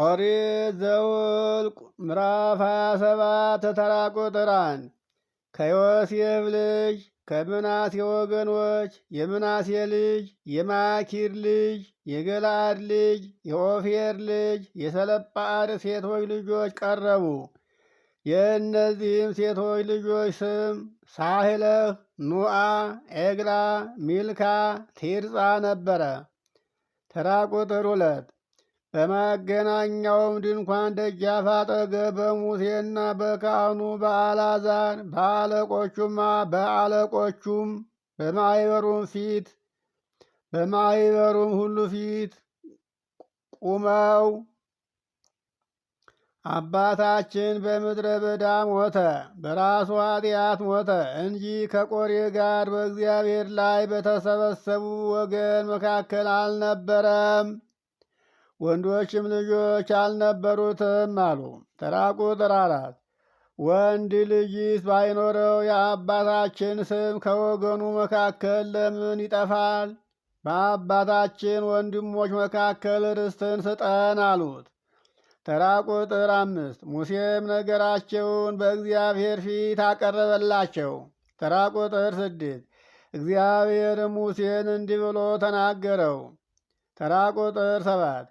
ኦሪት ዘውልቅ ምዕራፍ 27 ተራ ቁጥር አንድ ከዮሴፍ ልጅ ከምናሴ ወገኖች የምናሴ ልጅ የማኪር ልጅ የገላድ ልጅ የኦፌር ልጅ የሰለጳአድ ሴቶች ልጆች ቀረቡ። የእነዚህም ሴቶች ልጆች ስም ሳህለህ፣ ኑአ፣ ኤግላ፣ ሚልካ፣ ቲርጻ ነበረ። ተራ ቁጥር ሁለት በመገናኛውም ድንኳን ደጃፍ አጠገብ በሙሴና በካህኑ በአልዓዛር በአለቆቹማ በአለቆቹም በማኅበሩም ፊት በማኅበሩም ሁሉ ፊት ቁመው አባታችን በምድረ በዳ ሞተ፣ በራሱ ኃጢአት ሞተ እንጂ ከቆሬ ጋር በእግዚአብሔር ላይ በተሰበሰቡ ወገን መካከል አልነበረም። ወንዶችም ልጆች አልነበሩትም አሉ። ተራ ቁጥር አራት ወንድ ልጅስ ባይኖረው የአባታችን ስም ከወገኑ መካከል ለምን ይጠፋል? በአባታችን ወንድሞች መካከል ርስትን ስጠን አሉት። ተራ ቁጥር አምስት ሙሴም ነገራቸውን በእግዚአብሔር ፊት አቀረበላቸው። ተራ ቁጥር ስድስት እግዚአብሔር ሙሴን እንዲህ ብሎ ተናገረው። ተራ ቁጥር ሰባት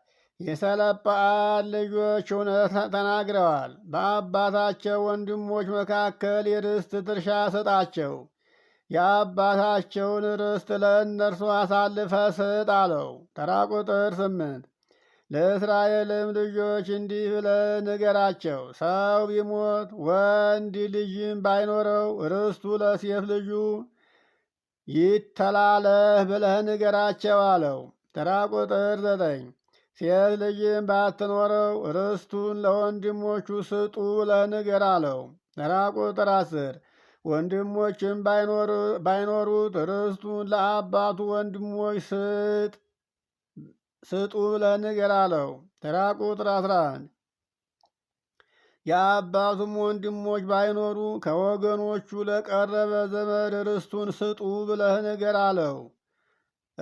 የሰለጰዓድ ልጆች እውነት ተናግረዋል። በአባታቸው ወንድሞች መካከል የርስት ድርሻ ስጣቸው፣ የአባታቸውን ርስት ለእነርሱ አሳልፈ ስጥ አለው። ተራ ቁጥር ስምንት ለእስራኤልም ልጆች እንዲህ ብለህ ንገራቸው፣ ሰው ቢሞት ወንድ ልጅም ባይኖረው ርስቱ ለሴት ልጁ ይተላለፍ ብለህ ንገራቸው አለው። ተራ ቁጥር ዘጠኝ ሴት ልጅም ባትኖረው ርስቱን ለወንድሞቹ ስጡ ለንገር አለው። ተራ ቁጥር አስር ወንድሞችም ባይኖሩት ርስቱን ለአባቱ ወንድሞች ስጥ ስጡ ለንገር አለው። ተራ ቁጥር አስራ አንድ የአባቱም ወንድሞች ባይኖሩ ከወገኖቹ ለቀረበ ዘመድ ርስቱን ስጡ ብለህ ንገር አለው።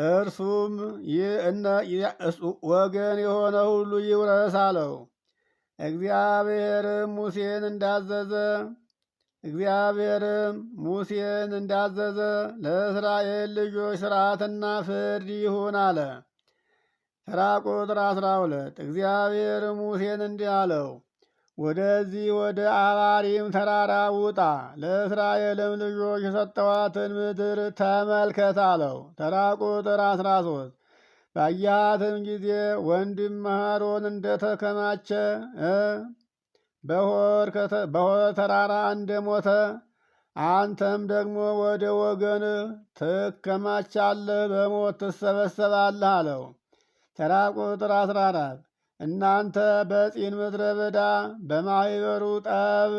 እርሱም ወገን የሆነ ሁሉ ይውረስ አለው። እግዚአብሔርም ሙሴን እንዳዘዘ እግዚአብሔርም ሙሴን እንዳዘዘ ለእስራኤል ልጆች ሥርዓትና ፍርድ ይሁን አለ። ተራ ቁጥር አስራ ሁለት እግዚአብሔር ሙሴን እንዲህ አለው ወደዚህ ወደ አባሪም ተራራ ውጣ፣ ለእስራኤልም ልጆች የሰጠዋትን ምድር ተመልከት አለው። ተራ ቁጥር አስራ ሶስት ባያትም ጊዜ ወንድም አሮን እንደተከማቸ በሆር ተራራ እንደሞተ አንተም ደግሞ ወደ ወገን ትከማቻለህ፣ በሞት ትሰበሰባለህ አለው። ተራ ቁጥር አስራ አራት እናንተ በጺን ምድረ በዳ በማኅበሩ ጠብ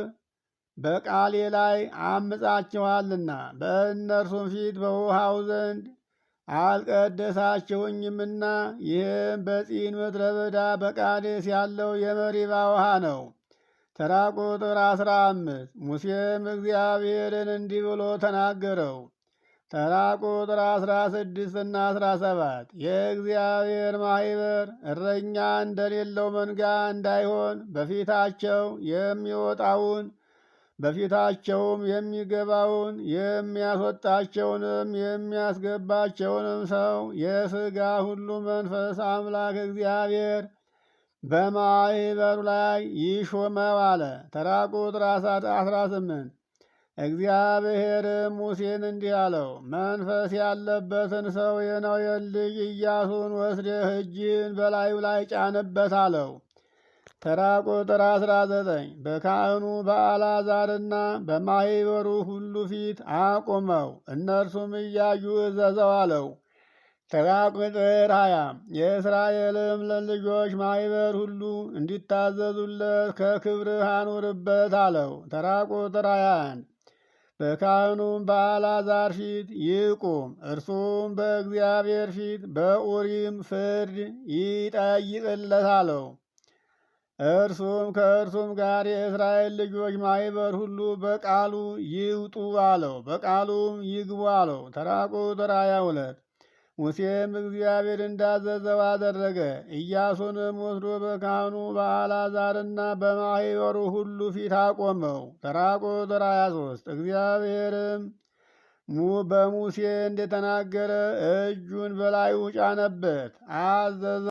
በቃሌ ላይ አምፃችኋልና በእነርሱም ፊት በውሃው ዘንድ አልቀደሳችሁኝምና ይህም በጺን ምድረ በዳ በቃዴስ ያለው የመሪባ ውሃ ነው። ተራ ቁጥር አስራ አምስት ሙሴም እግዚአብሔርን እንዲህ ብሎ ተናገረው። ተራ ቁጥር አስራ ስድስት እና አስራ ሰባት የእግዚአብሔር ማህበር እረኛ እንደሌለው መንጋ እንዳይሆን በፊታቸው የሚወጣውን በፊታቸውም የሚገባውን የሚያስወጣቸውንም የሚያስገባቸውንም ሰው የስጋ ሁሉ መንፈስ አምላክ እግዚአብሔር በማህበሩ ላይ ይሾመው አለ። ተራ ቁጥር አስራ ስምንት እግዚአብሔር ሙሴን እንዲህ አለው፣ መንፈስ ያለበትን ሰው የነዌን ልጅ ኢያሱን ወስደህ እጅን በላዩ ላይ ጫንበት አለው። ተራ ቁጥር አስራ ዘጠኝ በካህኑ በአልዓዛርና በማህበሩ ሁሉ ፊት አቁመው እነርሱም እያዩ እዘዘው አለው። ተራ ቁጥር ሀያ የእስራኤልም ለልጆች ማህበር ሁሉ እንዲታዘዙለት ከክብርህ አኑርበት አለው። ተራ ቁጥር ሀያ በካህኑም በአልዓዛር ፊት ይቁም። እርሱም በእግዚአብሔር ፊት በኡሪም ፍርድ አለው። እርሱም ከእርሱም ጋር የእስራኤል ልጆች ማይበር ሁሉ በቃሉ ይውጡ አለው። በቃሉም ይግቡ አለው። ተራ ቁጥር ሃያ ሁለት ሙሴም እግዚአብሔር እንዳዘዘው አደረገ። ኢያሱንም ወስዶ በካህኑ በአልዓዛርና በማኅበሩ ሁሉ ፊት አቆመው። ተራ ቁጥር 23 እግዚአብሔርም በሙሴ እንደተናገረ እጁን በላዩ ጫነበት አዘዘ።